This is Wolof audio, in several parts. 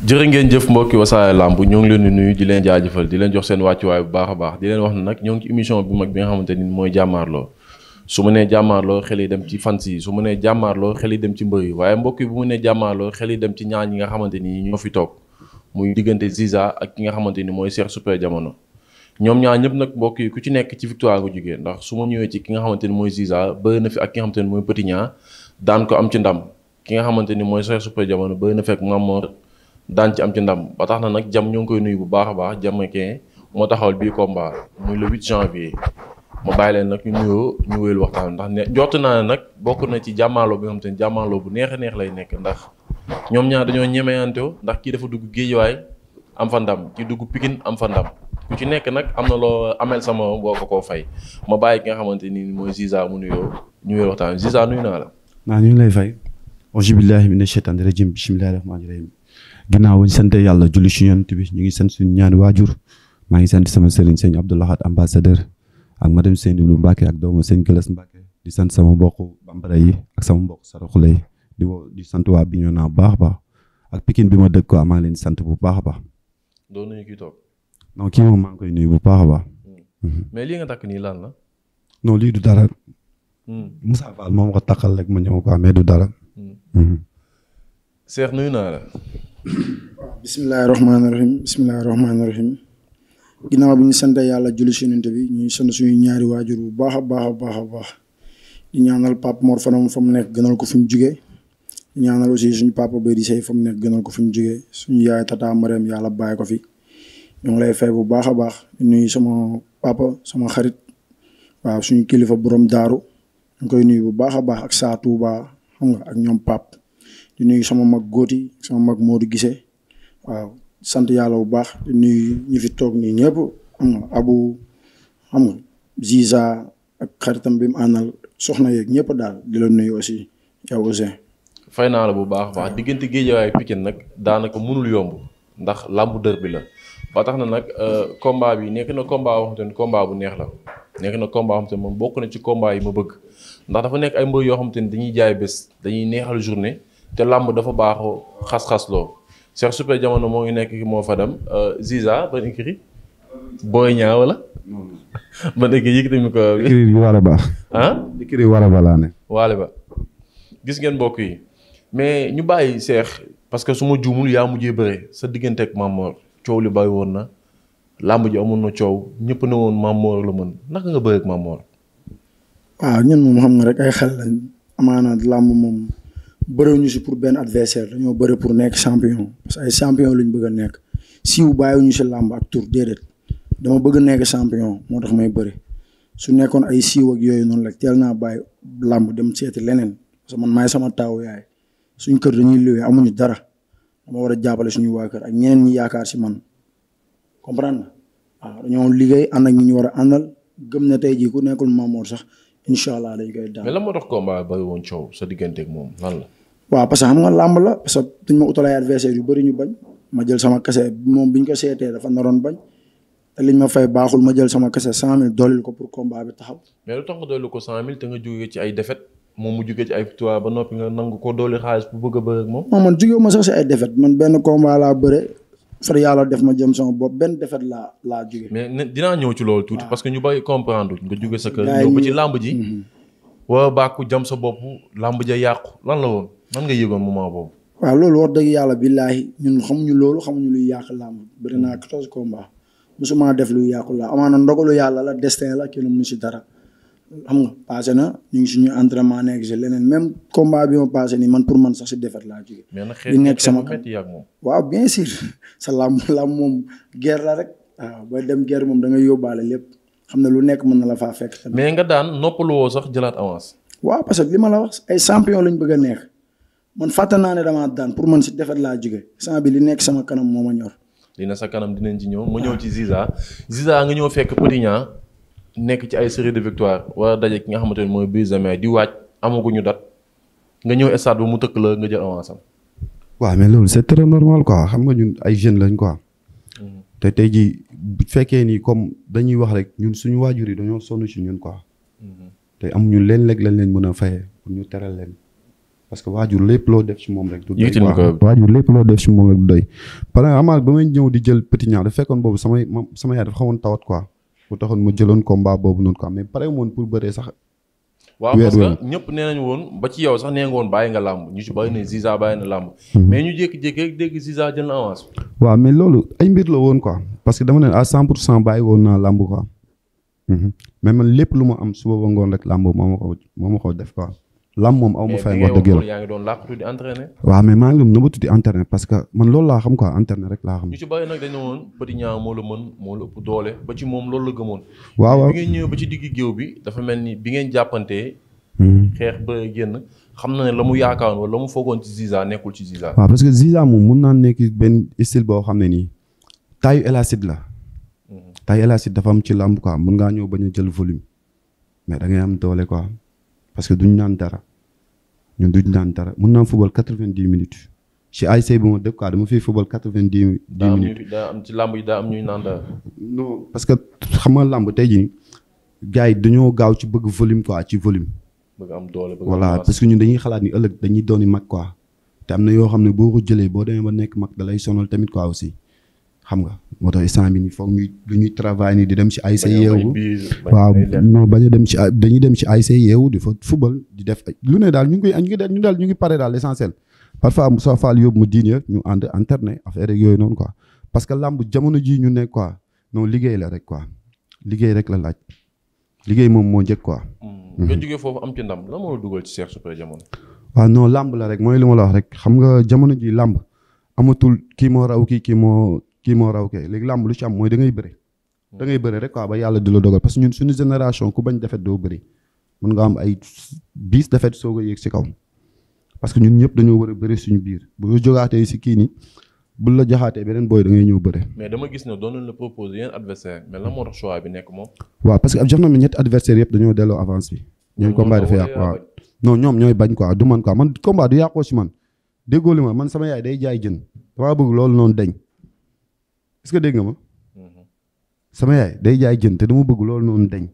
jërë ngeen jëf mbokki wasaare làmb ñoo ngi leen di nuyu di leen jaajëfal di leen jox seen wàccuwaay bu baax a baax di leen wax ne nag ñoo ngi ci émission bu mag bi nga xamante ni mooy jàmmaarloo su mu nee jàmmaarloo xel yi dem ci fans yi su mu nee xel yi dem ci mbër yi waaye mbokk yi bu mu nee jàmmaarloo xel dem ci ñaar ñi nga xamante ni ñoo fi toog muy diggante Ziza ak ki nga xamante ni mooy Cheikh Super jamono ñoom ñaar ñëpp nag mbokk yi ku ci nekk ci victoire nga jigéen ndax su ma ñëwee ci ki nga xamante ni mooy Ziza bëri na fi ak ki nga xamante mooy Petit Niang daan am ci ndam ki nga xamante ni mooy Cheikh Super Diamono bëri na fekk mu daan ci am ci ndam ba tax na nag jam ñoo ngi koy nuyu bu baax a baax jamaïcain moo taxawal bii combat muy le 8 janvier ma bàyyi leen nag ñu nuyoo ñu wéyal waxtaan ndax ne jot naa ne nag bokk na ci jàmmaaloo bi nga te ne jàmmaaloo bu neex a neex lay nekk ndax ñoom ñaar dañoo ñemeyantoo ndax kii dafa dugg géejuwaay am fa ndam kii dugg Pikine am fa ndam ku ci nekk nag am na loo ameel sama boo ko koo fay ma bàyyi ki nga xamante ni mooy Ziza mu nuyoo ñu wéyal waxtaan Ziza nuyu naa la. naa ñu ngi lay fay. auzu billaahi mina shaytaani rajiim bismillaahi rahmaani rahiim ginnaaw ñu sant yàlla julli ci yonent bi ñu ngi sant suñu ñaani waajur maa ngi sant sama sëriñ sëñ Abdou Lahad ma dem madame Seynabou Mbacke ak doomu sëñ Gëlas Mbacke di sant sama mbokk bambara yi ak sama mbokk saraxule yi di woo di sant waa bi ñoo naa baax baax ak pikin bi ma dëkk ko maa leen sant bu baax a baax. doo nuyu kii toog. non kii maa ngi koy nuyu bu baax a baax. Hmm. Hmm. mais lii nga takk nii laal la. non lii du dara. Hmm. Moussa Fall moom ko takkal rek ma ñëw ko mais du dara. Cheikh nuyu naa la. waaw bisimilah rahmaani rahiim bisimilah rahmaani rahiim ginnaaw bu ñu sant yàlla julli si nante bi ñu sant suñu ñaari waajur bu baax a baax a baax a baax di ñaanal Pape Mor Fadam fa mu nekk gënal ko fi mu jugee di ñaanal aussi suñu papa Bédi Seye fa mu nekk gënal ko fi mu jugee suñu yaay tata Mariam yàlla bàyyi ko fi ñu ngi lay fay bu baax a baax di sama papa sama xarit waaw suñu kilifa borom daaru ñu koy nuyu bu baax a baax ak saa Touba xam nga ak ñoom Pape. di nuyu sama mag góoti sama mag Modou Guissé waaw sant yàlla bu baax di ñu fi toog nii ñëpp abu xam nga ak xaritam bi mu àndal soxna yeeg ñëpp daal di la nuyu aussi yow Ousseyn. fay naa la bu baax baax diggante Guédiawaye ak Pikine nag daanaka mënul yomb ndax làmbu dër bi la ba tax na nag euh, combat bi nekk na komba boo xamante bu neex la nekk na komba boo xamante moom bokk na ci combat yi ma bëgg ndax dafa nekk ay mbër yoo xamante ni dañuy jaay bés dañuy neexal journée. te làmb dafa baaxoo xas-xas loo Cheikh jamono moo ngi nekk ki moo fa dem euh, Ziza ban écrit booy ñaa wala ban écrit yëkkati micro bi écrit bi waale ba ah écrit waale ba laa ne waale ba gis ngeen mbokk yi mais ñu bàyyi Cheikh parce que su ma juumul yaa mujjee bëre sa diggante ak Mamor coow li bàyyi woon na làmb ji amoon na coow ñëpp ne woon Mamor la mën naka nga bëre ak Mamor waaw ah, ñun moom xam nga rek ay xel lañ amaana làmb moom bërew ñu si pour benn adversaire dañoo bëri pour nekk champion parce que ay champion lañu bëgg a nekk siiw bàyyiwuñu si làmb ak tur déedéet dama bëgg a nekk champion moo tax may bëri su nekkoon ay siiw ak yooyu noonu rek teel naa bàyyi làmb dem seeti leneen parce que sama taawu yaay suñ kër dañuy luwee amuñu dara dama war a jàppale suñu waa kër ak ñeneen ñi yaakaar si man comprendre waaw dañoo liggéey ànd ak ñi ñu war a àndal gëm na tey jii ku nekkul Mamour sax incha allah dañ koy daan. mais lan moo tax combat bari woon coow sa digganteeg moom lan la. waaw parce xam nga làmb la parce que ma utal ay adversaire yu bëri ñu bañ ma jël sama kese moom biñ ko seetee dafa naroon bañ te liñ ma fay baaxul ma jël sama kese cent mille doolil ko pour combat bi taxaw. mais lu tax nga ko cent mille te nga jógee ci ay défaite moom mu jógee ci ay victoire ba noppi nga nangu ko dooli xaalis bu bëgg a bëri ak moom. non man jógee far yàlla def ma jëm sama bopp benn defet laa laa jóge mais dinaa ñëw ci loolu tuuti ah. parce que ñu bay comprendre nga jóge sa kër ñëw ba ci làmb ji mhm. waa bàkku jam sa bopp làmb ja yàqu lan la woon man nga yëgoon moment boobu waaw loolu wax dëgg yàlla billaahi ñun xamuñu loolu xamuñu luy yàq làmb bëri naa hmm. quatorze combat musuma def luy yàqu la amaana ndogalu yàlla la destin la kenn mënu si dara xam nga passé na ñu ngi suñu entraînement nekk si leneen même combat bi ma passé nii man pour man sax si defet laa jógee. di nekk sama waaw bien sûr sa làmb làmb moom guerre la rek. waaw booy dem guerre moom da ngay yóbbaale lépp xam ne lu nekk mën na la faa fekk. mais nga daan noppaluwoo sax jëlaat avance. waaw parce que li ma la wax ay champion lañ bëgg a neex man fàtte naa ne damaa daan pour man si defet laa jógee sant bi li nekk sama kanam moo ma ñor. li na sa kanam dinañ ci ñëw ma ñëw ci Ziza Ziza nga ñëw fekk Petit nekk ci ay série de victoire war a daje ki nga xamante ne mooy Benzema di waaj amaguñu dat nga ñëw stade ba mu tëkk la nga jël avance am. waaw mais loolu normal quoi xam nga ñun ay jeunes lañ quoi. Mm-hmm. te jii bu fekkee ni comme dañuy wax rek ñun suñu waajur yi dañoo sonn ci ñun quoi. Mm-hmm. te amuñu leen lekk lañ leen mën a fayee ñu teral leen parce que waajur lépp loo def ci moom rek. du doy waajur lépp loo def ci moom rek du doy. par exemple may ñëw di jël petit ñaar da fekkoon boobu samay sama yaay dafa xawoon tawat quoi. bu taxoon ma jëloon ko combat boobu noonu quoi mais pare woon pour bëree sax. waaw parce que ñëpp nee nañu woon ba ci yow sax nee nga woon bàyyi nga làmb ñu ci bàyyi ne Ziza bàyyi na làmb. Mhm. mais ñu jékki-jékki rek dégg Ziza jël na avance. loolu ay mbir la woon quoi parce que dama ne à 100 pour cent bàyyi woon naa làmb quoi mhm. mais man lépp lu ma am suba ba ngoon rek làmb moo ma ko moo ma ko def quoi. lam moom aw ma wax dëgg yàlla yaa ngi doon làqatu di entraîner. waaw mais maa ngi doon nëbatu di entraîner parce que man loolu laa xam quoi entraîner rek laa xam. ñu ci bàyyi moo la mën moo ba ci moom loolu la gëmoon. waaw waaw ci digg géew bi dafa mel ni bi ngeen jàppantee. Hmm. xeex ba génn xam na ne la mu yaakaaroon wala la mu foogoon ci Ziza nekkul ci Ziza. waaw parce que Ziza moom mun naa nekk benn style boo xam ne nii taayu élastique la. Hmm. taayu élastique dafa am ci làmb am mun ngaa ñëw bañ a jël volume mais da ngay am doole quoi parce que duñ naan dara ñun duñ naan dara mun naa football quatre-vingt-dix minutes ci ASC bu ma dëkk quoi dama fiy football quatre-vingt-dix minutes. daa am ci làmb yi daa am ñuy naan dara. non parce que xam nga làmb tey ji gaa yi dañoo gaaw ci bëgg volume quoi ci volume. bëgg am doole bëgg voilà parce dañuy xalaat ni ëllëg dañuy dooni mag quoi te am na yoo xam ne boo ko jëlee boo demee ba nekk mag da lay sonal tamit quoi aussi. xam nga moo tax instant bi nii foog ñuy lu ñuy travail ni di dem ci ay say yeewu waaw non bañ a dem ci dañuy dem ci ay say yeewu di fa football di def lu ne daal ñu ngi koy ñu ngi ñu daal ñu ngi pare daal l'essentiel parfois Moussa Fall yóbbu mu diine ñu ànd internet affaire yooyu noonu ko parce que làmb jamono ji ñu ne quoi non liggéey la rek quoi liggéey rek la laaj liggéey moom moo njëkk quoi. Hmm. nga jógee am ci ndam lan moo dugal làmb la rek mooy li ma la wax rek xam nga jamono ji làmb amatul kii moo raw kii kii moo kii moo raw kay léegi làmb am mooy da ngay bëre da bëre rek quoi ba yàlla di la dogal parce que ñun suñu génération ku bañ defet doo am ay dix defet soog a yéeg si kaw parce que ñun ñëpp dañoo war a bëri suñu biir bu ñu jógaatee si kii nii bu la jaxaatee beneen booy da ngay ñëw bëre. mais dama gis ne doon nañ la proposer yeneen adversaire mais lan moo tax parce que jox na ma ñetti adversaire yëpp dañoo delloo avance bi. ñooy combat dafa yàq waaw non ñoom ñooy bañ quoi du man quoi man combat du yàqoo si man déggoo li ma man sama yaay day jaay jën damaa bëgg loolu noonu dañ est-ce que nga ma. Mm-hmm. sama yaay day jaay jën te dama bëgg loolu noonu dañ.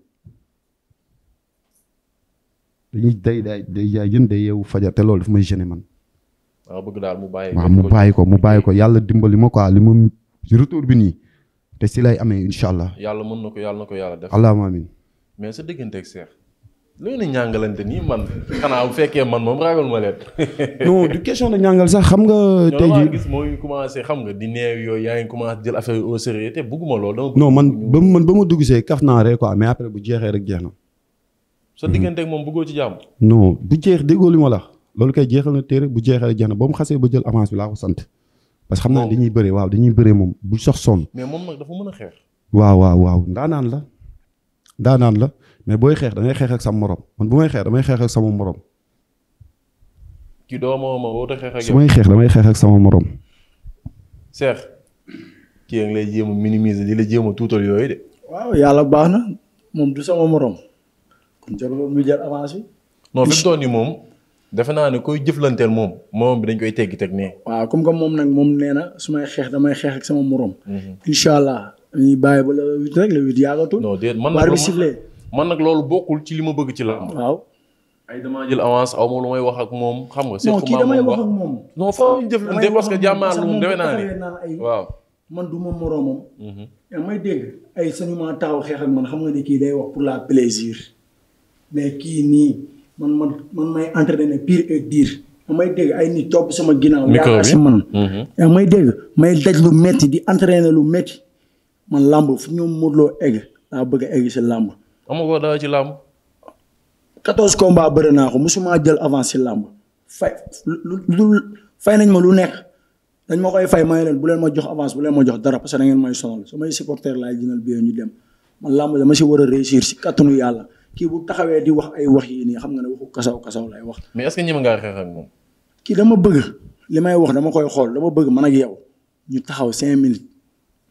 dañuy day day day jaay jën day yeewu fajar te loolu daf may gêner man. waaw bëgg daal mu bàyyi ko waaw mu bàyyi ko mu bàyyi ko yàlla dimbali ma ko quoi li ma retour bi nii te si lay amee incha allah. yàlla mën na ko yàlla ko yàlla def. allahumma amin mais sa diggante ak Cheikh loolu la ñàngalante nii man xanaa bu fekkee man moom ragal ma leen. non du question de ñàngal sax xam nga. tey jii gis mooy commencé xam nga di neew yooyu yaa ngi commencé jël affaire au sérieux te bugguma loolu. dama non man ba man naa rek quoi mais après bu jeexee rek jeex sa mhm. diggante ak moom bëggoo ci jàmm. non bu jeex déggoo li ma la loolu kay jeexal na téere bu jeexee rek jeex na ba mu xasee ba jël avance bi laa ko sant. parce que xam naa dañuy bëree waaw dañuy bëree moom bu sox sonn. mais moom nag dafa mën a xeex. waaw waaw waaw ndaanaan la ndaanaan la mais booy xeex dangay xeex ak sa morom man bu may xeex damay xeex ak sama morom. ci doomu ma xeex ak may xeex damay xeex ak sama moroom Cheikh. kii yaa ngi lay jéem a minimiser di la jéem a tuutal yooyu de. waaw yàlla baax na moom du sama morom. kon jarul muy jar avancé. non fi mu moom. defe naa ne koy jëflanteel moom moom bi dañ koy teggi teg ne. waaw comme que moom nag moom nee na su may xeex damay xeex ak sama morom. Mhm. incha allah dañuy man nag loolu bokkul ci li ma bëgg ci làmb. waaw. ay damaa jël avance aw ma lu may wax ak moom xam nga. non kii ma wax moom non foofu ñu jëflante parce que jàmmaar lu mu demee naa ni waaw. man du ma moroomam. Mhm. yaa may dégg ay sañu ma taaw xeex ak man xam nga ni kii day wax pour la plaisir mais kii nii man man man may entraîner pire et dire yaa may dégg ay nit topp sama ginnaaw. yaakaar si man. Mhm. yaa may dégg may daj lu metti di entraîner lu metti man làmb fu ñoom Modou Lo egg laa bëgg a egg si làmb. amagoo dara ci làmb. 14 combats bëri naa ko mosuma jël avance ci làmb fay lu fay nañ ma lu nekk dañ ma koy fay may leen bu leen ma jox avance bu leen ma jox dara parce que da ngeen may sonal samay supporters laay jëndal bi ñu dem man làmb dama si war a réussir si kattanu yàlla kii bu taxawee di wax ay wax yi nii xam nga ne waxu kasaw kasaw lay wax. mais est-ce que ñeme ngaa xeex moom. kii dama bëgg li may wax dama koy xool dama bëgg man ak yow ñu taxaw cinq minutes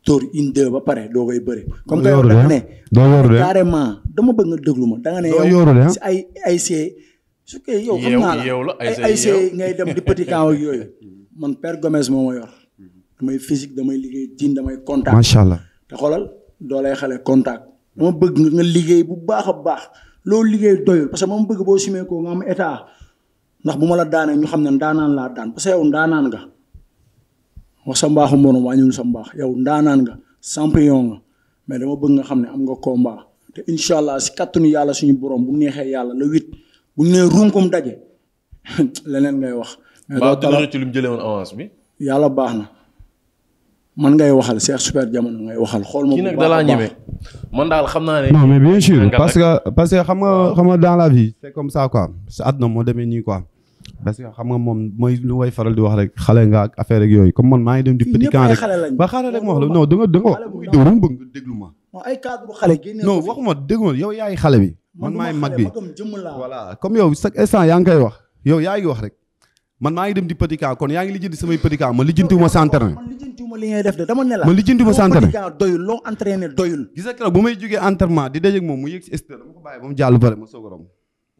tóor une ba pare doo koy bëri. comme que yow da nga ne doo yooru de dama bëgg nga déglu ma da nga ne ay ay see. su ko yow xam naa la ay ay see ngay dem di petit camp yooyu man Père Gomes moo ma yor damay physique damay liggéey diin damay contact. macha allah te xoolal doo lay xale contact. dama bëgg nga liggéey bu baax a baax loolu liggéey doyul parce que moom bëgg boo simee ko nga am état ndax bu ma la daanee ñu xam ne ndaanaan laa daan parce que yow ndaanaan nga. wax sa mbaaxu morom wàññiwul sa mbaax yow ndaanaan nga champion nga mais dama bëgg nga xam ne am nga combat te incha allah si kattanu yàlla suñu borom bu neexee yàlla le huit bu ñu nee runkum daje leneen ngay wax. mais doo ci lu mu jëlee woon bi. yàlla baax na man ngay waxal Cheikh Super Diamono ngay waxal. xool ma bu baax a baax kii man daal xam naa ne. non mais bien sûr parce que parce que xam nga xam nga dans la vie. c'est comme ça quoi sa àdduna moo demee nii quoi. parce que xam nga moom mooy lu way faral di wax rek xale nga ak affaire rek yooyu comme man maa ngi dem di petit camp rek ba xale rek ma wax la non da nga da nga wax déglu mu bëgg nga déglu ma ay cadre yow yaay xale bi man maay mag bi voilà comme yow chaque instant yaa ngi koy wax yow yaa ngi wax rek man maa ngi dem di petit camp kon yaa ngi lijjanti samay petit camp ma lijjantiwuma ma li ngay def de dama ne ma lijjantiwuma centenaire doyul loo entraîné doyul gis nga keroog bu may jógee entraînement di dajeeg moom mu yëg si dama ko bàyyi ba mu jàll pare ma soog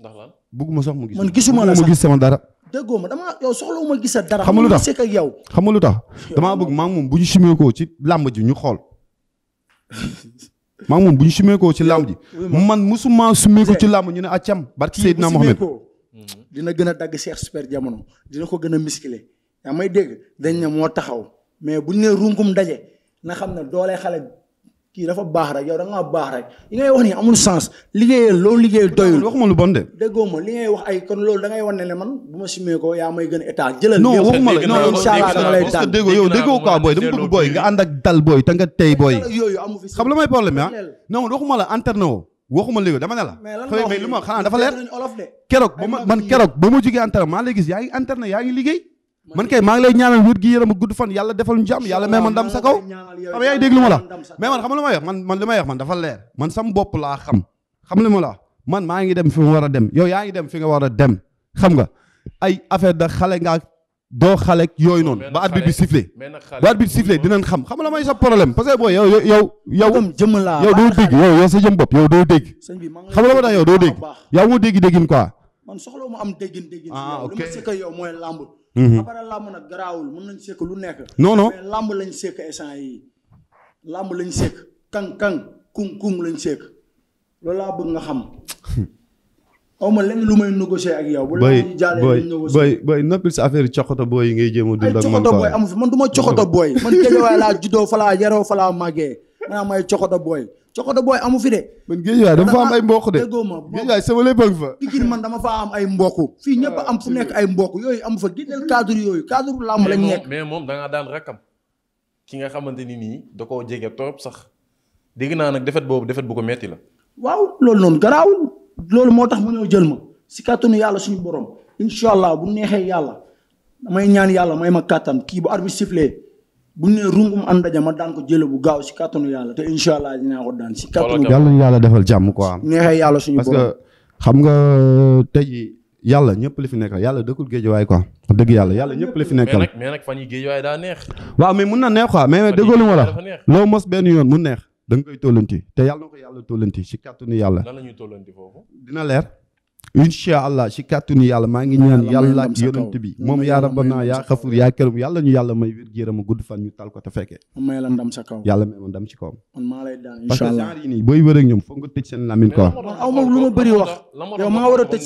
a bëgguma sax mu gis. man gisuma la sax gis sama dara. déggoo ma damaa yow soxlawuma gis sa dara. xam nga lu tax ak yow. xam nga lu tax damaa bëgg maa moom bu ñu simee ci làmb ji ñu xool maa ngi moom ci làmb ji. man musuma sumee ko ci làmb ñu ne acam barki Seydina Mohamed dina gën a dagg Cheikh Super Jamono dina ko gën a miskile may dégg dañ ne moo taxaw mais buñ ne runkum daje na xam ne doole xale kii dafa baax rek yow da nga baax rek li ngay wax ni amul sens liggéeyal loolu liggéeyal doyul waxuma lu bon de déggoo ma li ngay wax ay kon loolu da ngay wan ne ne man bu ma simee ko yaa may gën a état jëlal non waxuma la non yow déggoo quoi booy dama bëgg booy nga ànd ak dal booy te yooyu amu fi xam la may problème ah non waxuma la anterne woo waxuma léegi dama ne la mais lu ma xanaa dafa leer keroog ba ma man keroog ba ma jógee anterne maa lay gis yaa ngi anterne yaa ngi liggéey man kay maa ngi lay ñaanal wér gi yaram gudd fan yàlla defal ñu jàmm yàlla may man ndam sa kaw xam yaay dégg lu ma la mais man xam ma wax man man li may wax man dafa leer man sam bopp laa xam xam li ma la man maa ngi dem fi ma war a dem yow yaa ngi dem fi nga war a dem xam nga ay affaire da xale nga doo xale yooyu noonu ba arbitre bi sifflé ba arbitre bi sifflé xam xam la may sa problème parce que boo yow yow laa yow doo dégg yow yow sa jëm bopp yow doo dégg xam la ma tax yow doo dégg yow moo dégg déggin quoi man soxla mu am déggin déggin ah ok yow mooy làmb Mhm. après làmb nag garaawul mën nañ sekk lu nekk. non làmb lañ sekk instant yi làmb lañ sekk kang kang kum kum lañ sekk loolu laa bëgg nga xam. xaw ma lenn lu may négocier ak yow. bu la jàllee boy boy boy noppil sa affaire coxota booy yi ngay jéem a dund ak man quoi amu man du ma coxota booy man géej waay laa juddoo fa laa yaroo fa laa màggee maanaam ay coxota booy. cokodo booy amu fi de. man Guédiawaye dama fa am ay mboq de déggoo ma Guédiawaye sama lépp a ngi fa. man dama faa am ay mboq fii ñëpp am fu nekk ay mboq yooyu amu fa génneel cadre yooyu cadre làmb lañ nekk. mais moom da daan rakkam ki nga xamante ni nii da koo jege trop sax dégg naa nag defet boobu defet bu ko metti la. waaw loolu noonu garaawul loolu moo tax mu ñëw jël ma si kàttanu yàlla suñu borom incha allah bu neexee yàlla damay ñaan yàlla may ma kàttan kii bu arbitre sifflé bu ñu nee rungum ànd ja ma daan ko jëlee bu gaaw si kàttanu yàlla te incha allah dinaa ko daan si. kàttanu yàlla ñu yàlla yàlla suñu borom parce que xam nga tey jii yàlla ñëpp li fi nekkal yàlla dëkkul géejuwaay quoi. dëgg yàlla yàlla ñëpp li fi nekkal. mais nag mais nag daa neex. waaw mais mun na neex quoi mais déggoo lu ma la loo mos benn yoon mu neex da nga koy tollanti te yàlla na ko yàlla tollanti si kàttanu yàlla. lan la ñuy tollanti foofu. dina leer. incha allah si kàttanu yàlla maa ngi ñaan yàlla ak yonent bi moom yaa rabbana yaa xafur yaa këram yàlla ñu yàlla may wér géeram a gudd fan ñu tal ko te fekkee may la ndam sa kaw yàlla may ma ndam si kawam man booy wër ak foog nga tëj seen làmmiñ ko aw ma lu ma yow maa war hmm.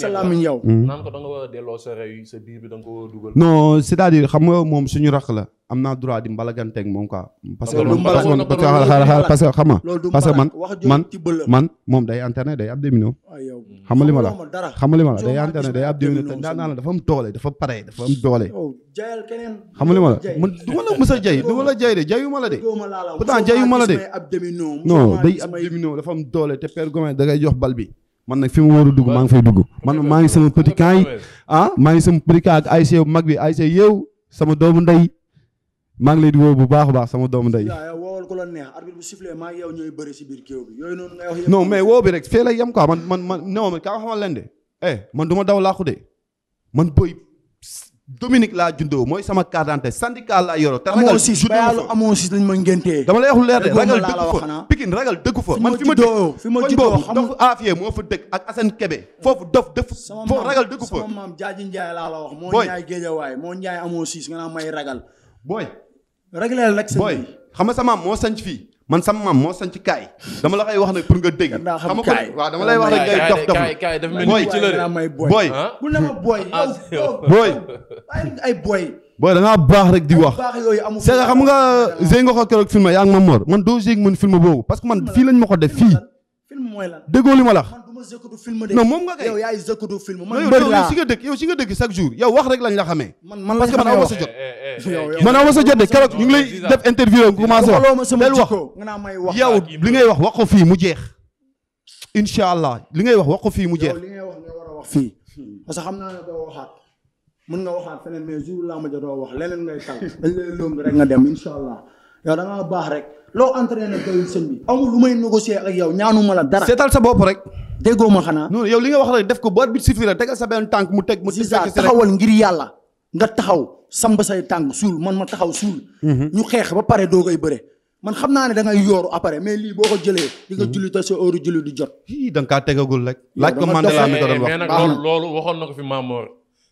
sa biir bi da nga ko dugal non xam nga moom suñu rax la am naa droit di mbalaganteeg moom quoi parce que man parce que xam nga parce que man man man moom day internet day abdominaux xam nga li ma la xam ma la day yaakaar ne day ab déwén te daan naa la dafa am doole dafa pare dafa am doole. jaayal keneen. xam nga li ma la man du ma la mës a jay du ma la jay de jayuma la de. pourtant jayuma la de. non day ab domino dafa am doole da ngay jox bal bi. man nag fi mu war a dugg maa ngi fay dugg man maa ngi sama petit camp yi ah maa ngi sama petit camp bu mag bi ASC yow sama doomu ndey maa ngi lay di woo bu a baax sama doomu ndey. non mais woo bi rek fee lay yem quoi man man kaa xamal leen de eh man du ma daw laaxu de man booy Dominique laa jundoo mooy sama carte d'identité syndicat laa yoroo. te ragal si amoo si lañ ngéntee dama lay wax lu leer de ragal dëkku fa Pikine ragal dëkku fa. man fi ma juddoo fi ma juddoo xam nga dofu Afia moo fa dëkk ak Assane Kébé. foofu dof def foofu ragal dëkku fa. sama maam Jaaji Njaay laa la wax. booy moo Njaay Géejawaay moo Njaay amoo si may ragal. booy. ragaleel rek sa booy xam nga sama moo sañ fii man sama maam moo sañ ci kaay dama la koy wax nag pour nga dégg. xam nga kaay waaw dama lay wax rek ngay dof dof. kaay kaay dafa booy bu booy. booy. Ah. Ah, ay booy. booy da ngaa baax rek di wax. c'est que xam nga Zé nga ko keroog filmé yaa ngi ma mor man doo Zé mën film boobu parce que man fii lañ ma ko def fii. film mooy lan déggoo li ma la non moom nga kay yow yaay zëkk du film man mbër laa yow si nga dëkk si nga dëkk chaque jour yow wax rek lañ la xamee. man man parce que man aw ma sa jot. man aw ma sa jot nga commencé wax wax yow li ngay wax wax fii mu jeex. incha allah li ngay wax wax ko fii mu jeex. li ngay wax nga war a wax fii. parce xam naa ne doo waxaat mën nga waxaat feneen mais jour laa ma jot doo wax leneen ngay tal dañ lay lomb nga dem incha allah yow da ngaa baax rek loo entraîné na sëñ bi amul lu may négocier ak yow ñaanuma la dara seetal sa bopp rek déggoo ma xanaa. non yow li nga wax rek def ko bu arbitre sifflé la tegal sa benn tànk mu teg mu. teg taxawal ngir yàlla nga taxaw samba say tànk suul man ma taxaw suul. Mhm. ñu xeex ba pare doo koy bëre. man xam naa ne da ngay yooru après mais lii boo ko jëlee. di nga mhm. julli te sa heure julli du jot. hi da kaa tegagul rek. laaj ko Mandela mi ko doon wax mais waxoon na ko fi Mamor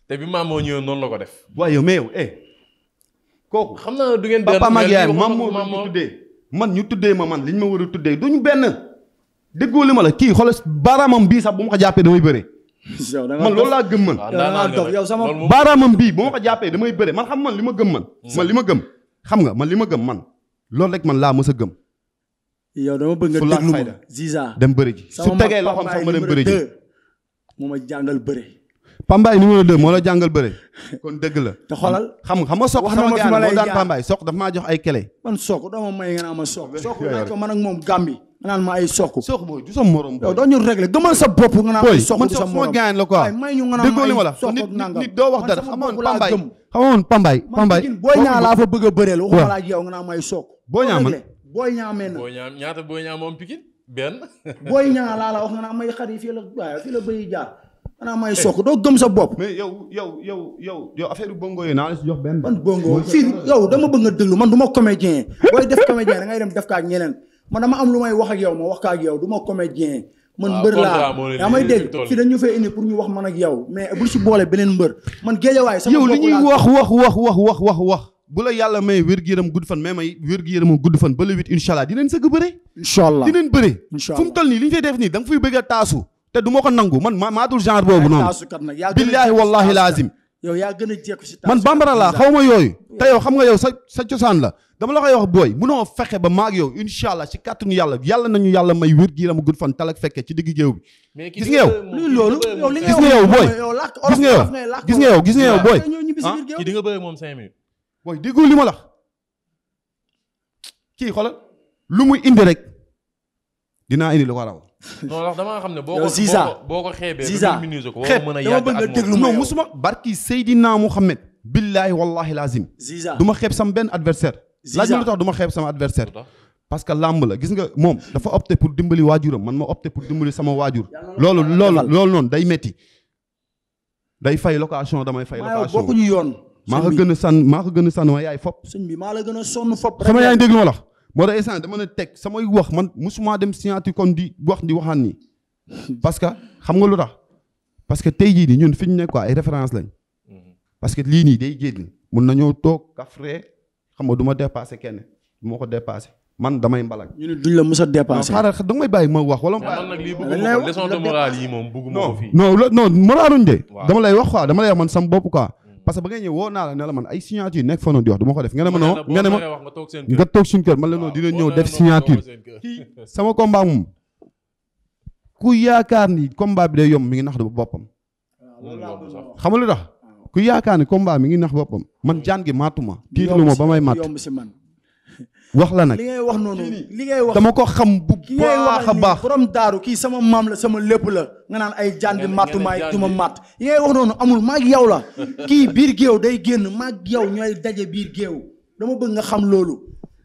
te bi Mamor ñëwee noonu la ko def. waaye yow mais yow eh. kooku xam naa du ngeen. benn papa mag yaay Mamor ñu tuddee man ñu tuddee ma man liñ ma war a tuddee duñu benn déggoo li ma la kii xoolal baaraamam bii sax bu ma ko jàppee damay bëre. man loolu laa gëm man. Ah, yow sama baaraamam bii bu ma ko jàppee damay bëre man xam man li ma gëm man. Mm. man li ma gëm xam nga man li ma gëm man loolu rek man laa mës a gëm. yow dama bëgg nga déglu ma Ziza dem bëri ji su tegee loxoom sax ma dem bëri ji ma jàngal bëre. Pambaay numéro 2 moo la jàngal bëre kon dëgg la. te xoolal xam xam nga soq sama gaan moo daan Pambaay soq dafa maa jox ay kele. man soq dama may nga naa ma soq soq naa ko man ak moom Gàmbi nga naan ma ay soq. soq booy du sa morom. yow doo ñu réglé gëmal sa bopp nga naan ay soq. du sa morom la quoi ay may ñu nga naan ma ay soq nit nit doo wax dara xamoon pambay xamoon pambay pambay booy ñaa laa fa bëgg a bëreel waxuma laa yow nga naan ma ay soq. booy ñaa man booy ñaa mel na. booy ñaa ñaata booy ñaa moom pikin benn. booy ñaa laa la wax nga naan may xar yi fii la waaye fii la bëy jaar. ana may soq doo gëm sa bopp. mais yow yow yow yow yow affaire bongo yi naa la si jox benn. man bongo fii yow dama bëgg nga déglu man du ma comédien booy def comédien da ngay dem def ka ak ñeneen man dama am lu may wax ak yow ma wax ko ak yow du ma comédien man mbër laa yaa may dégg fii dañu fee indi pour ñu wax man ak yow mais bul si boole beneen mbër man géejawaay sama yow li ñuy wax wax wax wax wax wax wax bu la yàlla may wér-gu-yaram gudd fan mais may wér-gu-yaram gudd fan ba le huit incha allah dinañ sëgg bëre incha allah dinañ bëre fu toll nii li ñu def nii da nga fay bëgg a taasu te du ma ko nangu man maatul genre boobu noonu billaahi wallaahi laazim yow yaa gën a jékku si man bambara laa xaw ma yooyu te yow xam nga yow sa sa cosaan la dama la koy wax booy munoo fexe ba maag yow incha allah si kàttanu yàlla yàlla nañu yàlla may wér gi yaram gudd fan talak fekkee ci diggu géew bi gis nga yow loolu gis nga yow booy gis nga yow nga yow gis nga yow booy kii di nga bëre moom cinq minutes booy déggoo li ma la kii xoolal lu muy indi rek dinaa indi lu ko raw non ndax damaa xam ne boo ko boo ko xeebee. Ziza xeeb dama ko nga déglu ma yow musuma barki Seydina Mouhamed. billahi wallahi lazim. Ziza du ma xeeb sama benn adversaire. Ziza laaj ma lu tax duma ma xeeb sama adversaire. parce que làmb la gis nga moom dafa opté pour dimbali waajuram man ma opté pour dimbali sama waajur. loolu loolu loolu noonu day metti day fay location damay fay. location maa ko gën a sànn maa gën a sànn ma yaay la gën a sonn fop. sama yaay déglu ma la moo tax instant dama ne teg samay wax man musuma dem signature kon di wax di waxaan nii parce que xam nga lu tax parce que tey jii nii ñun fi ñu nekk quoi ay référence lañ parce que lii nii day génn mun nañoo toog kafre xam nga du ma dépassé kenn du ko dépassé man damay mbalag. ñu ne duñ la mës a dépassé. xaaral da nga may bàyyi ma wax wala. man nag lii de moom bëgguma ko fii. non non moraluñ dama lay wax ko dama lay wax man sam bopp quoi. parce que ba ngay ñëw woo naa la ne man ay signature nekk fa noonu di wax du ma ko def nga ma non nga ma nga toog suñu kër man la noonu dina ñëw def signature sama combat moom ku yaakaar ni combat bi day yomb mi ngi nax du boppam ah, xam nga lu tax ah. ku yaakaar ni combat mi ngi nax boppam man jaan gi maatuma tiitlu ma ba may matt wax la nag li ngay wax noonu li ngay wax dama ko xam bu baax a baax borom daaru kii sama maam la sama lépp la nga naan ay jàng màttumaay duma màtt li ngay wax noonu amul maag yow la kii biir géew day génn maag yow ñooy daje biir géew dama bëgg nga xam loolu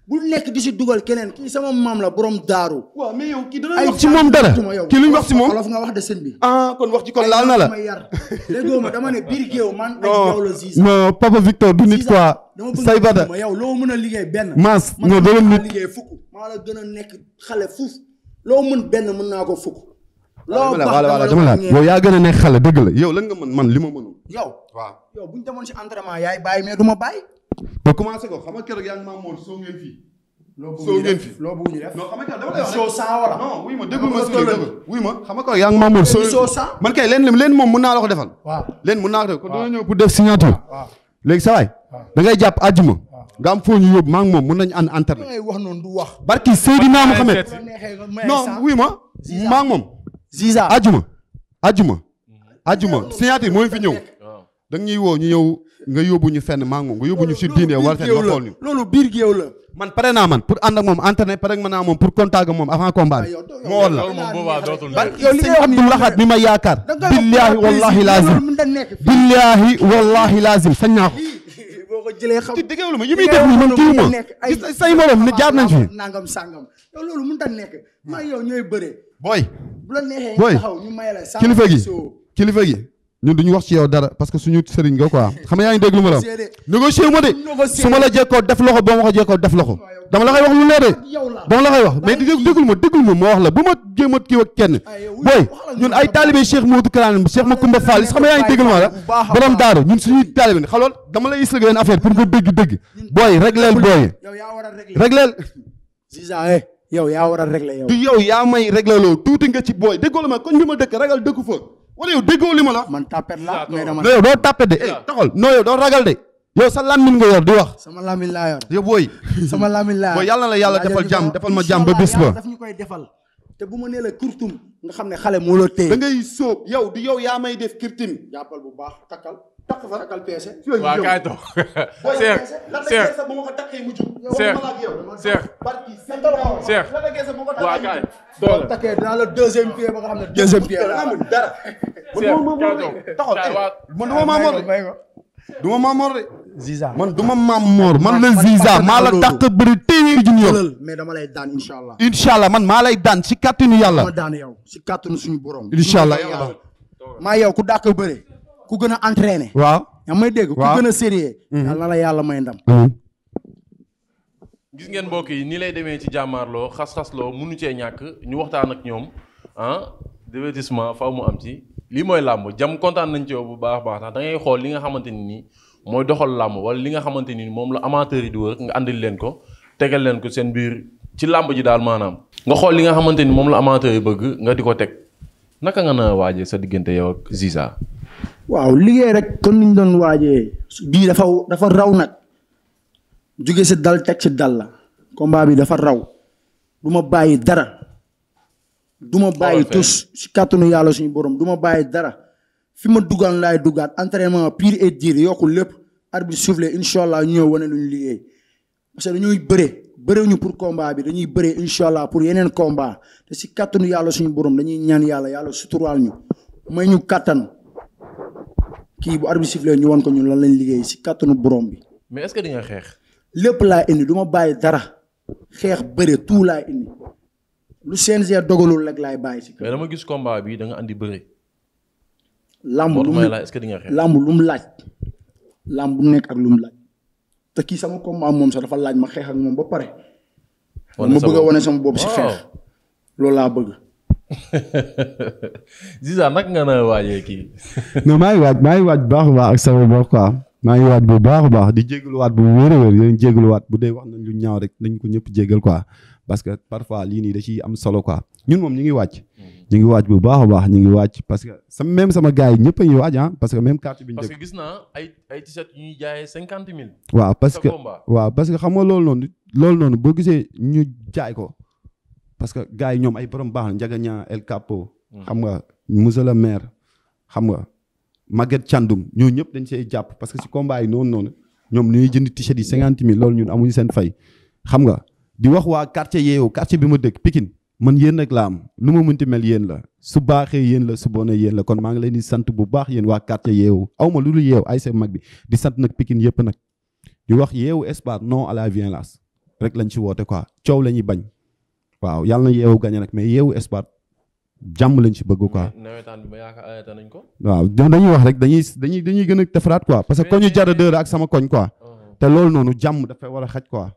bu nekk di si dugal keneen kii sama maam la borom daaru. waaw mais yow kii dana ay ci moom dara kii lu ñu wax si moom olof nga wax de ah, wax ci kon laal na la ay yar déggoo ma dama ne biir géew man. ay yow la papa Victor du nit quoi. say bada ma yow loo mën a liggéey benn. maas non doo nit liggéey fukk. maa la gën a nekk xale fuuf loo mun benn mën naa ko fukk. loo baax dama la yow yaa gën a nekk xale dëgg la yow lan nga mën man li ma mënul. yow waaw yow bu ñu si entraînement yaay bàyyi mais du ma ba commencé ko xam nga keroog yaa ngi maa soo ngeen fii. loo bëgg ñu def soo saa wala ma déglu ma suñu déglu wuy ma xam soo saa man kay leen leen moom mun naa la ko defal waaw leen mën naa la ko defal kon def signature léegi sa waay jàpp àjjuma nga am foo ñu yóbbu maa ngi moom mën nañu ànd antenne wax noonu du wax barki Seydina Mohamed non ma maa ngi moom Ziza àjjuma àjjuma àjjuma signature mooy fi ñëw da ñuy woo ñu ñëw nga yóbbu ñu fen maa ngi moom nga yóbbu ñu si diine war seen nga pour ànd moom entraîné pare ma naa moom pour contact ak ah, moo war la yow li Abdou mi ma yaakaar billaahi wallaahi laazim billaahi wallaahi laazim sañ naa ko boo ko jëlee xam te déglu ma yi muy def nii man kii ma gis say morom ne jaar nañ fi nangam sangam a nekk maa yow ñooy bëre booy bu la neexee taxaw ñu may la kilifa gi kilifa gi ñun duñu wax ci yow dara parce que suñu sëriñ nga quoi xam nga yaa ngi dégg lu ma la wax. négocier ma de su ma la jekkoo def loxo boo ma ko jekkoo def loxo dama la koy wax lu leer de dama la koy wax mais déggul ma déggul ma ma wax la bu ma a kii ak kenn ah, booy ñun yaa ngi dégg lu ma la borom daaru ñun suñuy taalibe xalool dama lay isla affaire pour nga dégg dégg booy régleel booy régleel eh, yow yaa war a régler yow du yow yaa may régler tuuti nga ci booy déggoo la ma koñ bi ma dëkk ragal dëkku fa wala yow déggoo li ma la. man tapet la mais dama. yow doo tapet de. Eh, taxol non doo ragal de. yow sa làmmiñ nga yor di wax. sama làmmiñ laa yor. yow booy. sama làmmiñ laa yàlla la yàlla defal jàmm defal ma jàmm ba bis ba. daf ñu koy defal te bu ma nee la kurtum nga xam ne xale moo la téye. da ngay sóob yow di yow yaa may def kirtim. jàppal bu baax takkal. takk fa takkal peese. waaw kaay toog. seex seex bu ba nga xam ne deuxième pied la amul dara. seex kaay toog taxaw eh. man duma maa man duma maa la Ziza maa la takk bëri téeméeri junior. mais dama lay daan incha allah. incha man maalay lay daan si kàttanu yàlla. ma daan yow si kàttanu suñu borom. incha allah maa yow ku dàq bëri. ku gën a entraîné. waaw yaa may dégg. waaw ku gën a sérieux. Mhm. yàlla la yàlla may ndam. Mhm. gis ngeen mbokk yi nii lay demee ci jàmmaarloo xas-xasloo mënu cee ñàkk ñu waxtaan ak ñoom ah divertissement faaw mu am ci lii mooy làmb jam kontaan nañ ci yow bu baax baax ndax da ngay xool li nga xamante ni nii mooy doxal làmb wala li nga xamante ni moom la amateur yi di wër nga àndil leen ko tegal leen ko seen biir ci làmb ji daal maanaam nga xool li nga xamante ni moom la amateur yi bëgg nga di ko teg naka nga na waajee sa diggante yow ak waaw liggéey rek kon ni ñu doon waajee bii dafa dafa raw nag jóge si dal teg si dal la combat bi dafa raw du ma bàyyi dara. duma bàyyi tus si kàttanu yàlla suñu borom du ma bàyyi dara fi ma dugaan laay dugaat entraînement pur et yokku lépp arbitre soufflé incha allah ñëw wane lu liggéey parce que dañuy bëre bëre ñu pour combat bi dañuy bëre incha allah pour yeneen combat si kàttanu suñu borom dañuy ñaan yàlla yàlla suturaal ñu may ñu kàttan. kii bu arbitre sifflé ñu won ko ñun lan lañ liggéey si kàttanu borom bi. mais est-ce que xeex. lépp laa indi du bàyyi dara xeex bëre tout laa indi lu CNG dogalul rek laay bàyyi si. mais dama gis combat bi da nga andi bëre. lu mu est-ce que di lu mu laaj. lamb bu nekk ak lu mu laaj. te kii sama combat moom sax dafa laaj ma xeex ak moom ba pare. ma bëgg a wane sama bopp si xeex. loolu laa bëgg. Ziza nag nga na waajee kii. non maa ngi waaj maa ngi waaj bu baax a baax ak sama bopp maa ngi waaj bu baax a baax di jégaluwaat bu wér a wér yéen jégaluwaat bu dee wax nañ lu ñaaw rek nañ ko ñëpp jégal quoi parce que parfois lii nii da ciy am solo quoi ñun moom ñu ngi waaj. Hmm. ñu ngi waaj bu baax a baax ñu ngi waaj parce que sa même sama gars yi ñëpp a ngi waaj ah parce que même carte bi ñu. gis naa ay ay t-shirt ñuy jaayee cinquante mille. waaw parce que waaw parce que xam nga loolu noonu loolu noonu boo gisee ñu jaay ko. parce que gars yi ñoom ay borom baax la Ndiaganiao El Capo. Mm-hmm. xam nga monsieur le maire xam nga magget Thiandoum ñoo ñëpp dañ see jàpp parce que si combat yi noonu noonu ñoom ñuy jënd t-shirt yi cinquante mille loolu ñun amuñu seen fay. xam nga di wax waa quartier yeewu quartier bi ma dëkk pikin man yéen rek laa am lu ma mënti mel yéen la su baaxee yéen la su bonee yéen la kon maa ngi leen di sant bu baax yéen waa quartier yeewu aw ma lu dul yeewu ay seen mag bi di sant nag Pikine yëpp nag di wax yeewu espace non à la violence rek lañ ci woote quoi coow la ñuy bañ. waaw yàlla na yeewu gagné nag mais yeewu espoir jàmm lañ ci bëgg quoi. nawetaan bi ba yaakaar euh, ko. waaw dañuy wax rek dañuy dañuy dañuy gën a defaraat quoi parce que koñu jara deux ak sama koñ quoi. Oh. te loolu noonu jàmm dafay war a xaj quoi.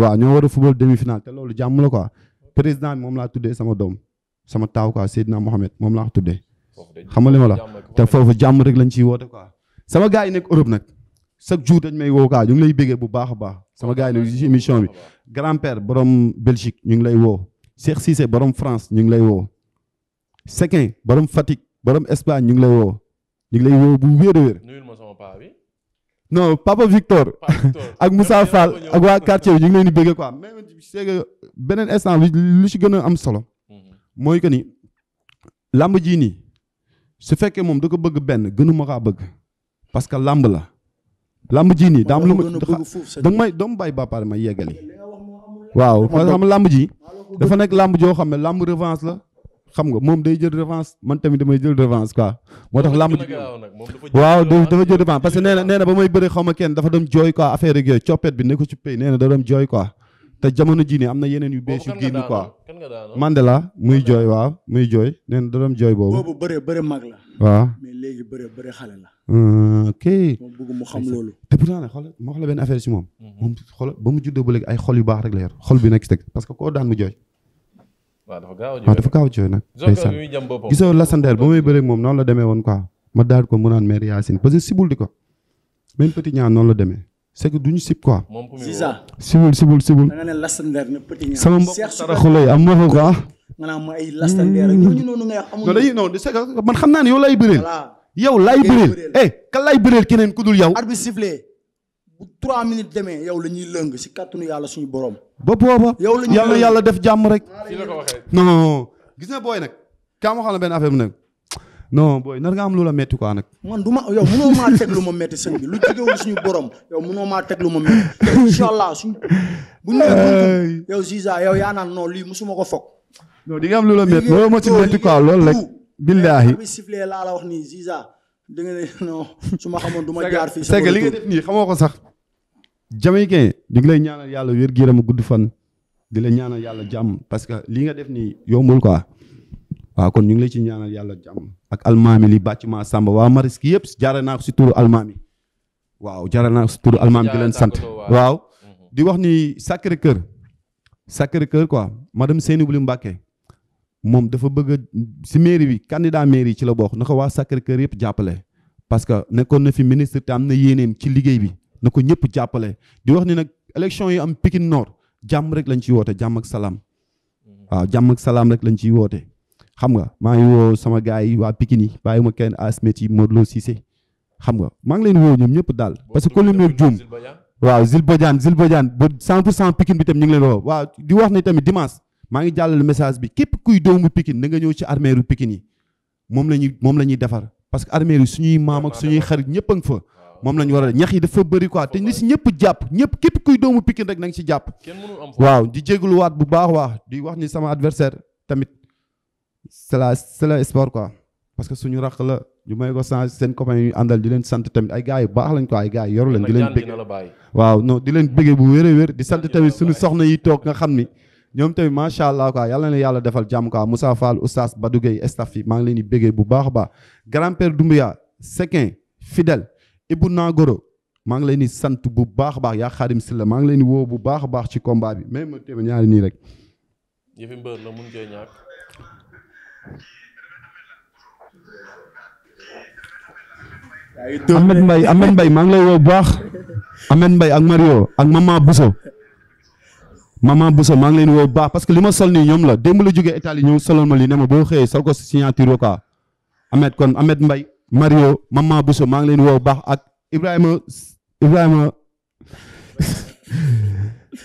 waaw ñoo war a football demi final te loolu jàmm la quoi. président moom laa tuddee sama doom sama taaw quoi Seydina Mohamed moom laa ko tuddee. xam nga li ma la te foofu jàmm rek lañ ciy woote quoi. sama gars yi nekk Europe nag chaque jour dañ may woo quoi ñu lay béggee bu baax a baax sama gars émission bi. grand-père borom Belgique ñu ngi lay woo Cheikh Cissé borom France ñu ngi lay woo Sekin borom Fatick borom Espagne ñu ngi lay woo ñu ngi lay woo bu wéer a wéer nuyul Papa Victor ak Moussa Fall ak waa quartier bi ñu ngi leen di bëgg quoi mais beneen instant bi lu si gën a am solo mhm. mooy que ni làmb jii nii su fekkee moom da ko bëgg benn gënu ma bëgg parce que làmb la làmb jii nii daam lu ma danga may bàyyi ba pare ma yeggali waaw parce que xam làmb ji dafa nekk làmb joo xam ne làmb revanche la xam nga moom day jël revanche man tamit damay jël revanche quoi moo tax làmb ji waaw dafa jël revanche parce que nee ba may bëre xaw ma kenn dafa dem jooy quoi affaire yeeg yooyu coppet bi ne ko ci pay nee na da doon jooy quoi te jamono jii nii am na yeneen yu bees yu génn quoi Mandela muy jooy waa muy jooy nee na jooy boobu. boobu bëre bëre mag la. waaw mais léegi bëre bëre xale la. Euh, ok. moom bëgg mu xam loolu. te la benn affaire si moom. Mhm. moom xool mu juddoo ba léegi ay xol yu baax rek la yor xol bi nekk si teg parce que koo daan mu jooy. waa dafa gaaw a jooy waaw dafa gaaw a jooy nag. gisoo Lassander ba muy bëreeg moom noonu la demee woon quoi ma daal ko mu naan mère Yacine parce que sibul di ko même petit ñaan noonu la demee c'est que duñu sib quoi. sibul sibul sibul. da nga ne lastandeer ne petit ñaar. sama mbokk saraxule am ma ko quoi. maanaam ay man xam naa ne yow laay bëreel. yow laay bëreel eh kan laay bëreel keneen ku dul yow. arbitre sifflé bu 3 minutes demee yow la ñuy lëng si kàttanu yàlla suñu borom. ba booba yow la ñuy yàlla yàlla def jàmm rek. non gis na booy nag. kaa ma xam ne benn affaire mu nag. non booy nar nga am lu la métti quoi nag. man duma ma yow mënoo maa teg lu ma métti sëñ bi suñu borom yow mënoo maa lu ma métti incha allah yow Ziza yow yaa naan non lii musuma ko foog. non di nga am lu la métti loolu moo ci métti quoi loolu la wax nii Ziza su ma xamoon du ma jaar fii. c'est que li def nii xamoo ko sax. Jamaïcain ñu ngi lay ñaanal yàlla wér gu yaram gudd fan di la ñaanal yàlla jàmm parce que li nga def nii yombul quoi waa kon ñu ngi lay ci ñaanal yàlla jàmm ak almaami li bàccmaa Samba waa Marisques yëpp jaare naa ko si turu almaami waaw jaare naa ko si turu almaami di leen sant waaw di wax ni Sacré kër Sacré Cœur quoi madame Seynabou Mbacké moom dafa bëgg a si mairie bi candidat mairie ci la bokk na ko waa Sacré Cœur yëpp jàppale parce que nekkoon na fi ministre te am na yéeneen ci liggéey bi na ko ñëpp jàppale di wax ni nag élection yi am Pikine Nord jàmm rek lañ ci woote jàmm ak salaam mm-hmm. waaw jàmm ak rek lañ ciy woote xam nga maa ngi woo sama gars yi waa Pikine yi bàyyi ma kenn asmet yi Modou Lo xam nga maa ngi leen woo ñoom ñëpp daal parce que commune nag juum waaw Zil Badiane bi tam ñu ngi leen woo waaw di wax ne tamit dimanche maa ngi jàllal message bi képp kuy doomu Pikine na nga ñëw ci armeeru Pikine yi moom la ñuy moom la ñuy defar parce que armeer yi suñuy maam ak suñuy xarit ñëpp a ngi fa moom la ñu war ñax yi dafa bëri quoi te ni si ñëpp jàpp ñëpp képp kuy doomu Pikine rek na nga si jàpp waaw di jégaluwaat bu baax waa di wax ni sama adversaire tamit cela cela sport quoi parce que suñu raq la ñu may ko changé seen copain yu àndal di leen sant tamit ay gars yu baax lañ ko ay gars yu yoru leen di leen bëgg waaw non di leen bëggee bu wér a wér di sant tamit suñu soxna yi toog nga xam ni ñoom tamit macha allah quoi yàlla na yàlla defal jàmm quoi Moussa Fall Oustaz Badou Gueye staff yi maa ngi leen di bëggee bu baax a baax grand père Doumbia Sekin Fidèle Ibou Nagoro maa ngi leen di sant bu baax a baax yaa xaadim si la maa ngi leen di woo bu baax baax ci combat bi même téeméer nii rek Ahmed mbay Ahmed Mbaye maa ngi lay woo baax Ahmed Mbaye ak Mario ak maman Bousso maman Bousso maa ngi leen woo baax parce que li ma sol nii ñoom la démb la jógee Italie ñëw solal ma li ne ma boo xëyee sol ko signature quoi Ahmed kon Ahmed Mbaye Mario maman Bousso maa ngi leen woo baax ak Ibrahima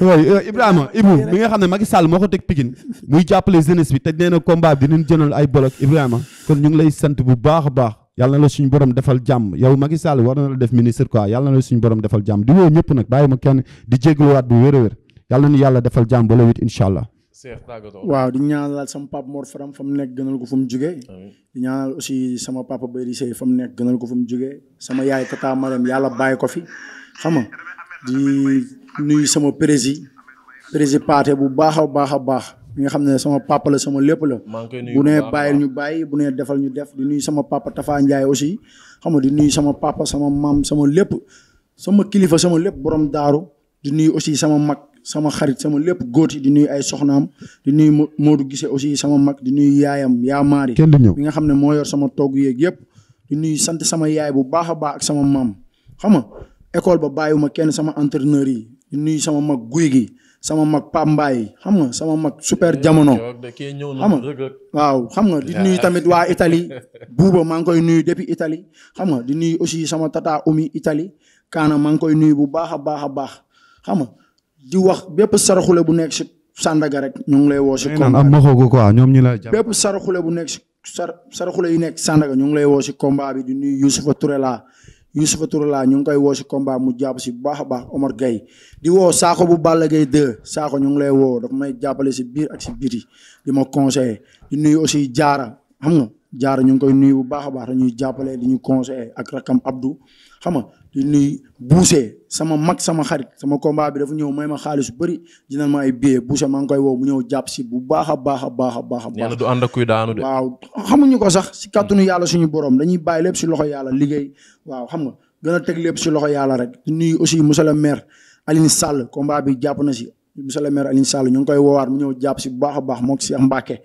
Euh, Ibrahima Ibou mi nga xam ne Macky Sall moo ko teg Pikine muy jàppale jeunesse bi te nee na combat bi dinañ jënal ay bolok Ibrahima kon ñu ngi lay sant bu baax a baax yàlla na la suñu borom defal jàmm yow Macky Sall war na def ministre quoi yàlla na la suñu borom defal jàmm di woo ñëpp nag bàyyi ma kenn di jégluwaat bu wér a wér yàlla na yàlla defal jàmm ba la wit incha allah waaw di ñaanal sama papa Mor fa mu nekk gënal ko fu mu jugee di ñaanal aussi sama papa Bayri Sey fa mu nekk gënal ko fu mu jugee sama yaay tata Marème yàlla bàyyi ko fi xam nga di nuyu sama prési prési paate bu baax a baax a baax mi nga xam ne sama papa la sama lépp la bu nee bàyyil ñu bàyyi bu nee defal ñu def di nuyu sama papa Tafa Ndiaye aussi xam nga di nuy sama papa sama maam sama lépp sama kilifa sama lépp borom daaru di nuy aussi sama mag sama xarit sama lépp góoti di nuy ay soxnaam di nuyu Modou Gissé aussi sama mag di nuy yaayam yaa maari kenn du ñëw mi nga xam ne moo yor sama togg yeeg yëpp di nuyu sant sama yaay bu baax a baax ak sama maam xam nga école ba bàyyiwuma kenn sama entraîneur yi nuyu sama mag guy gi sama mag Pape Mbaye xam nga sama mag super eh, jamono xam nga waaw xam nga di nuyu tamit waa itali buuba maa ngi koy nuyu depuis itali xam nga di nuy aussi sama tata Omi itali kaana maa ngi koy nuyu bu baax a baax a baax xam nga di wax bépp saraxule bu nekk si Sandaga rek ñu ngi lay woo si combat am maxoogu quoi ñoom ñu lay jàpp bépp bu nekk si sar yi nekk Sandaga ñu ngi lay woo si combat bi di nuyu Youssoufa Touré la Youssoufa Touré laa ñu ngi koy woo si combat mu jàpp si bu baax a baax Omar Gueye di woo saako bu Balla gay 2 saako ñu ngi lay woo dafa may jàppale si biir ak si biti di ma conseiller di nuyu aussi jaara xam nga jaara ñu ngi koy nuyu bu baax a baax dañuy jàppale di ñu conseiller ak rakam Abdou xam nga di nuyu buuse sama mag sama xarit sama combat bi dafa ñëw may ma xaalis bu bëri dinañ ma ay billet buuse maa ngi koy woo mu ñëw jàpp si bu baax a baax a baax a baax a baax du ànd ak kuy daanu de waaw xamuñu ko sax si kàttanu yàlla suñu borom dañuy bàyyi lépp si loxo yàlla liggéey waaw xam nga gën a teg lépp si loxo yàlla rek di nuyu aussi monsieur le maire Aline Sall combat bi jàpp na si monsieur le maire Aline Sall ñu ngi koy woowaat mu ñëw jàpp si bu baax a baax moog Cheikh Mbacké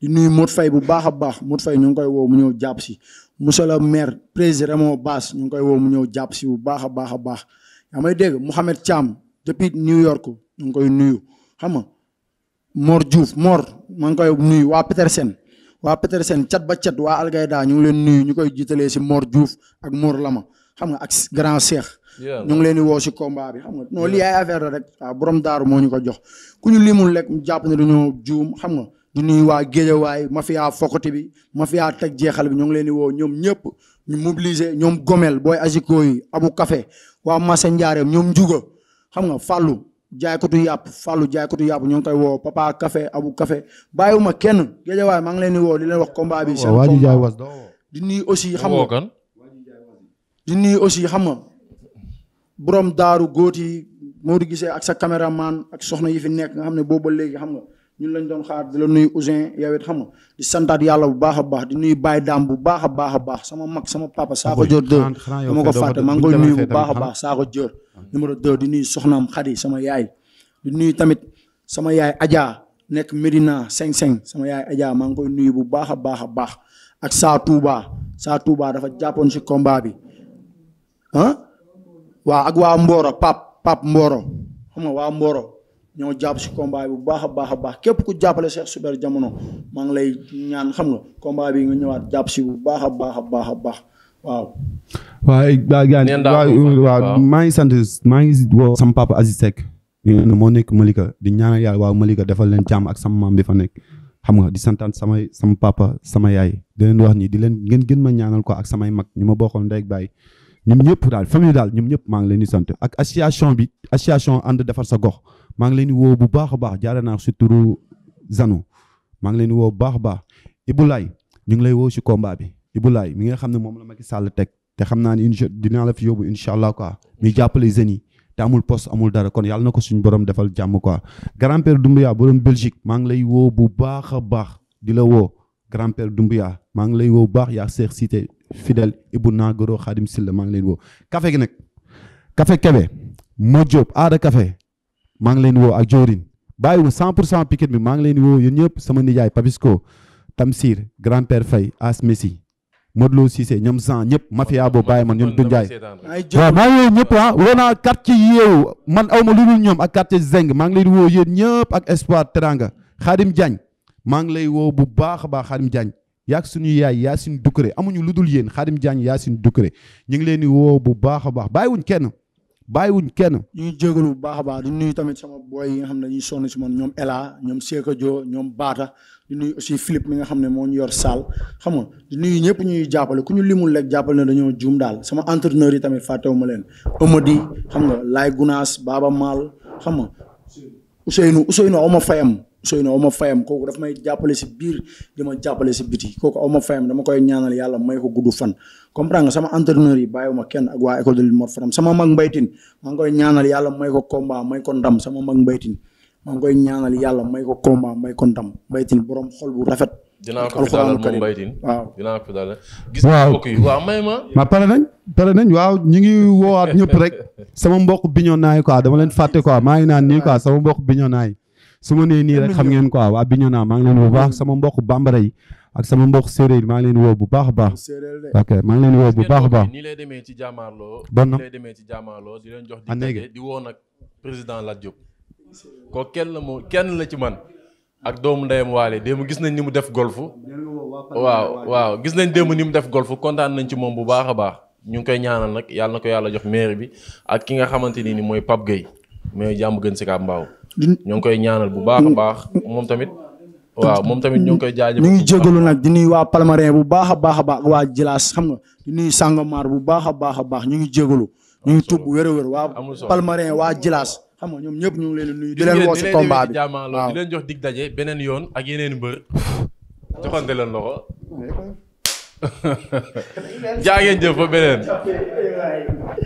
di nuyu Modou Faye bu baax a baax Modou Faye ñu ngi koy woo mu ñëw jàpp si monsieur le maire président Raymond baas ñu ngi koy woo mu ñëw jàpp si bu baax a baax a baax yaa may dégg Mouhamed Thiam depuis New York ñu ngi koy nuyu xam nga moor juuf Mor maa ngi koy nuyu waa Petersen waa Petersen cat ba cat waa Algayda ñu ngi leen nuyu ñu koy jiitalee si moor Diouf ak Mor Lama xam nga ak grand Cheikh. ñu ngi leen di woo si combat bi xam nga noo lii affaire la rek. waaw borom daaru moo ñu ko jox ku ñu limul rek jàpp ne dañoo juum xam nga. du waa Géejawaay mafia fokoti bi mafia teg jeexal bi ñoo ngi leen di woo ñoom ñëpp ñu mobiliser ñoom Gomel booy Aziko yi Abu kafe waa Massa Ndiarème ñoom Njuga xam nga Fallou jaaykatu yàpp Fallou jaaykatu yàpp ñoo ngi koy woo Papa kafe Abu Café bàyyiwuma kenn Géejawaay maa ngi leen di woo di leen wax combat bi. seen combat di nuyu aussi. xam nga di nuyu xam nga borom daaru góot yi moo di gisee ak sa caméraman ak soxna yi fi nekk nga xam ne boobu ba léegi xam nga. ñun lañ doon xaar di la nuyu Ousin yow it xam nga di santaat yàlla bu baax a baax di nuy Baye Dame bu baax a baax baax sama mag sama papa Sakho Dior 2 dama ko fàtte maa ngi koy nuyu bu baax a baax Sakho Dior numéro 2 di nuyu soxnaam Khady sama yaay di nuy tamit sama yaay Adja nekk Medina 55 sama yaay Adja maa ngi koy nuyu bu baax a baax a baax ak Saa Touba Saa Touba dafa jàppoon si combat bi ah, waa ak waa Mboro Pape Pape xam nga waa Mboro ñoo jàpp si combat bu baax a baax a baax képp ku jàppale Cheikh Super Jamono maa ngi lay ñaan xam nga combat bi nga ñëwaat jàpp si bu baax a baax a baax a baax waaw. waaw waaw maa ngi sant maa ngi woo sama papa Aziz Seck. moo nekk Malika di ñaanal yàlla waaw Malika defal leen jàmm ak sama maam bi fa nekk. xam nga di santaan samay sama papa sama yaay di leen wax nii di leen ngeen gën ma ñaanal ko ak samay mag ñu ma bokkoon ndey ak baay ñoom ñëpp daal famille daal ñoom ñëpp maa ngi leen di sant ak association bi association ànd defar sa gox. maa ngi leen di woo bu baax a baax jaare naa surtout turu maa ngi leen woo bu baax a baax Ibulaay ñu ngi lay woo si combat bi Ibulaay mi nga xam ne moom la Macky Sall teg te xam naa ni incha dinaa la fi yóbbu incha allah quoi muy jàppale jeunes yi te amul poste amul dara kon yàlla na ko suñu borom defal jàmm quoi grand père Doumbia borom Belgique maa ngi lay woo bu baax a baax di la woo grand père Doumbia maa ngi lay woo bu baax yaa Cheikh Cité fidèle Ibou Nagoro Khadim Silla maa ngi leen woo. café nag café Kébé maa ngi leen woo ak Diorin bàyyiwuma 100 pour cent Pikine bi maa ngi leen woo yéen ñëpp sama nijaay Papisco Tamsir grand père Faye As Messi Modou Lo Cissé ñoom Jean ñëpp mafia boobu bàyyi man ñoom Dundiaye waaw maa ngi ñëpp ah woo naa quartier man aw ma lu dul ñoom ak quartier Zeng maa ngi leen woo yéen ñëpp ak Espoir Teranga Khadim Diagne maa ngi lay woo bu baax a baax Khadim Diagne yaag suñu yaay yaa suñu dukkure amuñu lu dul yéen Khadim Diagne yaa suñu dukkure ñu ngi leen di woo bu baax a baax bàyyiwuñ kenn bàyyiwuñ kenn. ñu ngi jégalu bu baax a baax di nuyu tamit sama boy yi nga xam ne dañuy sonn si man ñoom Ela ñoom Seka Jo ñoom Baata di nuyu aussi Philippe mi nga xam ne moo ñu yor saal xam nga di nuyu ñëpp ñuy jàppale ku ñu limul rek jàppale na dañoo juum daal sama entraîneur yi tamit fàttewuma leen di xam nga Laye Gunaas Baba Maal xam nga Ousseynou use aw ma fayam. Sooy na aw ma fayam kooku dafa may jàppale si biir di ma jàppale si biti kooku aw ma fayam dama koy ñaanal yàlla may ko gudd fan. comprendre nga sama entraîneur yi bàyyiwuma kenn ak waa école de lutte sama mag mbaytin maa ngi koy ñaanal yàlla may ko combat may ko ndam sama mag mbaytin maa ngi koy ñaanal yàlla may ko combat may ko ndam mbaytin borom xol bu rafet. dinaa ko fi ko fi daal gis nga mbokk yi waaw may ma. ma pare nañ pare nañ waaw ñu ngi woowaat ñëpp rek sama mbokk biñonaay quoi dama leen fàtte quoi maa ngi naan nii quoi sama mbokk biñonaay su ma nee nii rek xam ngeen quoi waa Bignona maa ngi bu baax sama mbokk bambara yi ak sama mbokk séeréer yi maa ngi leen woo bu baax a baax ok maa ngi leen bu baax a baax nii lay demee ci jàmmaarloo bon na lay demee ci jàmmaarloo di leen jox di ah, di woo nag président Lat Diop ko kenn la moo kenn la ci man ak doomu ndeyam waale démb gis nañ ni mu def golf waaw waaw gis nañ démb ni mu def golf kontaan nañ ci moom bu baax a baax ñu ngi koy ñaanal nag yàlla na ko yàlla jox maire bi ak ki nga xamante nii ni mooy Pape Gueye mais jàmm gën si kaa mbaaw ñoo ngi koy ñaanal bu baax a mm. baax moom tamit. waaw moom tamit ñu ngi koy jaajëfal ñu ngi jégalu nag di nuyu waa Palmarin bu baax a baax a baax ak waa Jilaas xam nga di nuyu Sangomar bu baax a baax a baax ñu ngi jégalu. ñu ngi tubb wér a wér waa Palmarin waa Jilaas xam nga ñoom ñëpp ñu ngi leen di nuyu. di woo si combat bi waaw di leen jox dig daje beneen yoon ak yeneen mbër. joxante leen loxo. jaa jëf ba beneen.